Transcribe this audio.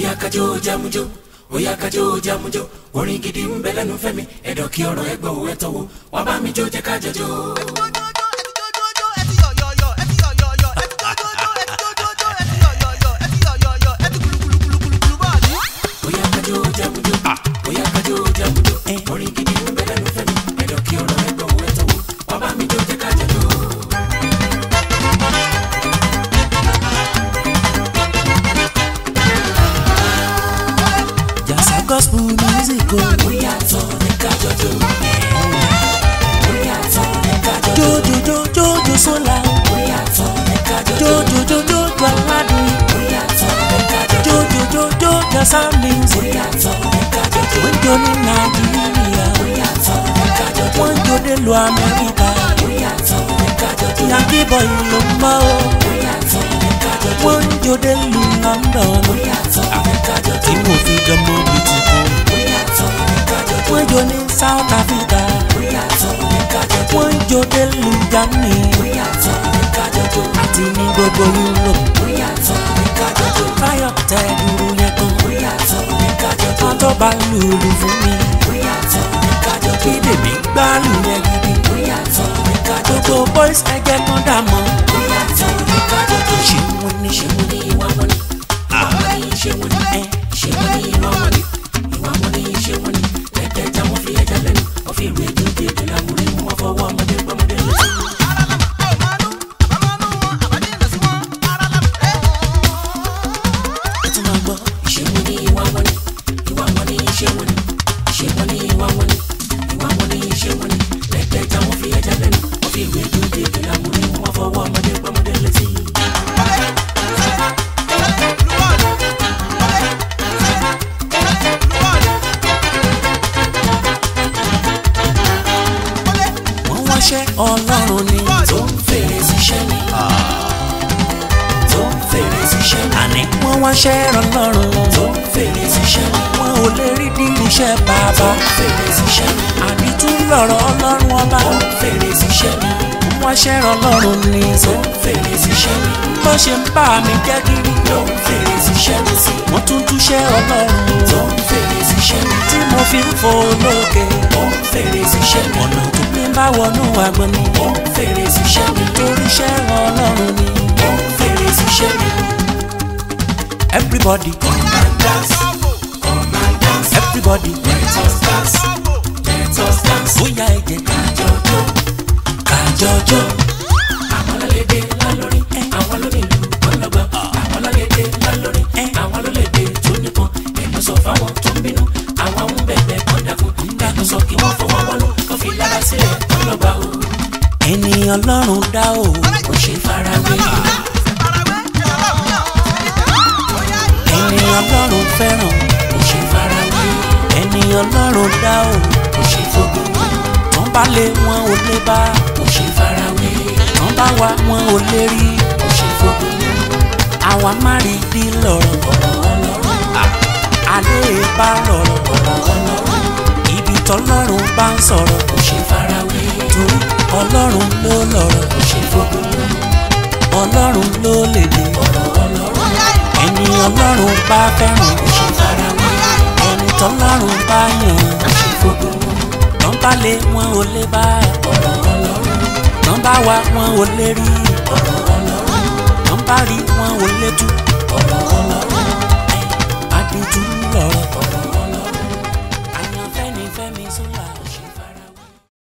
Oya kajo jamujo, oya kajo jamujo, orin gidi ń bẹ lẹ́nu fẹ́mi ẹ̀dọ̀ kí ọ̀rọ̀ ẹgbẹ́ òwe tọ́wọ́ wàá bá mi jó jẹ́ kájọ gospel music o. ó yàtọ̀ ní kájọ́jọ́. ó yàtọ̀ ní kájọ́jọ́. jójòjò jójò sólà. ó yàtọ̀ ní kájọ́jọ́. jójòjò jójò aládùn. ó yàtọ̀ ní kájọ́jọ́. jójòjò jójò sound music. ó yàtọ̀ ní kájọ́jọ́. wọ́n jó ní nàìjíríà. ó yàtọ̀ ní kájọ́jọ́. wọ́n jó dé lu amẹ́ríkà. ó yàtọ̀ ní kájọ́jọ́. yankee boy ló ń bá wọ́n ń jòdè lu London. tí mo fi jọmọ mi ti kú. wọ́n jò ní South Africa. wọ́n ń jòdè lu Germany. àti ní gbogbo Europe. káyọ̀ tẹ dúró yẹn tán. ọjọ́ bá lùlù fún mi. kí lèmi gbá lù yẹn gidi. gbogbo boys ẹgbẹ́ kan dà mọ́. ṣiṣẹ́ ọlọ́run ni. tó ń fèrè ṣiṣẹ́ ni. Ah. tó ń fèrè ṣiṣẹ́ ni. àní wọ́n wá ṣẹ́ ọlọ́run. tó ń fèrè ṣiṣẹ́ ni. wọn ò lè rí di iṣẹ́ bàbá. tó ń fèrè ṣiṣẹ́ ni. àní tún lọ̀rọ̀ ọlọ́run ọba. tó ń fèrè ṣiṣẹ́ ni. wọ́n ṣẹ́ ọlọ́run ni. tó ń fèrè ṣiṣẹ́ ni. bó ṣe ń bá mi jẹ́ kiri. ló ń fèrè ṣiṣẹ́ ni sí. wọ́n tún túṣẹ́ ọlọ́run. tó ń fèrè ṣiṣẹ́ ni. tí mo fi ń fò lókè. ó ń fèrè ṣiṣẹ́ ni. ọ̀nà t ń bá wọnú agbọnú. ó ń fèrè síṣẹ́ mi. torí iṣẹ́ ọlọ́run ni. ó ń fèrè síṣẹ́ mi. everybody. come and dance. come and dance. everybody. let us dance. let us dance. bóyá ẹ jẹ́ kájọjọ. kájọjọ. àwọn lọ́lẹ́dẹ lálórí. àwọn lónìí ọlọ́gbọ́n. àwọn lọ́lẹ́dẹ lálórí. àwọn lọ́lẹ́dẹ tó nípọn. èlò sọ fáwọn tó ń bínú. àwọn ń bẹ̀bẹ̀ kọ́ sọ kí wọ́n fọwọ́ wọ́n lọ fi bàbá sílẹ̀ o. ènìyàn lọ́rùn dá o kò ṣe farawé. ènìyàn lọ́rùn fẹ́ràn kò ṣe farawé. ènìyàn lọ́rùn dá o kò ṣe fògbò. tán bá lé wọn ò lè bá kò ṣe farawé. tán bá wá wọn ò lè rí kò ṣe fògbò. àwa má rí bí lọ́rọ̀ ọ̀rọ̀ ọlọ́rọ̀. àlè bá lọ́rọ̀ ọ̀rọ̀ ọlọ́rọ̀ tọ́lọ́run bá ń sọ̀rọ̀ kò ṣe farawé torí ọlọ́run ló lọ́rọ̀ kò ṣe fọ́gbọ́n ọlọ́run ló lè dé ọ̀rọ̀ ọlọ́run ẹni ọlọ́run bá fẹ́ràn kò ṣe farawé ẹni tọ́lọ́run bá yàn kò ṣe fọ́gbọ́n nọ́mbà lé wọn ò lè bá ọ̀rọ̀ ọlọ́run nọ́mbà wa wọn ò lè rí ọ̀rọ̀ ọlọ́run nọ́mbà rí wọn ò lè tú ọ̀rọ̀ ọlọ́run.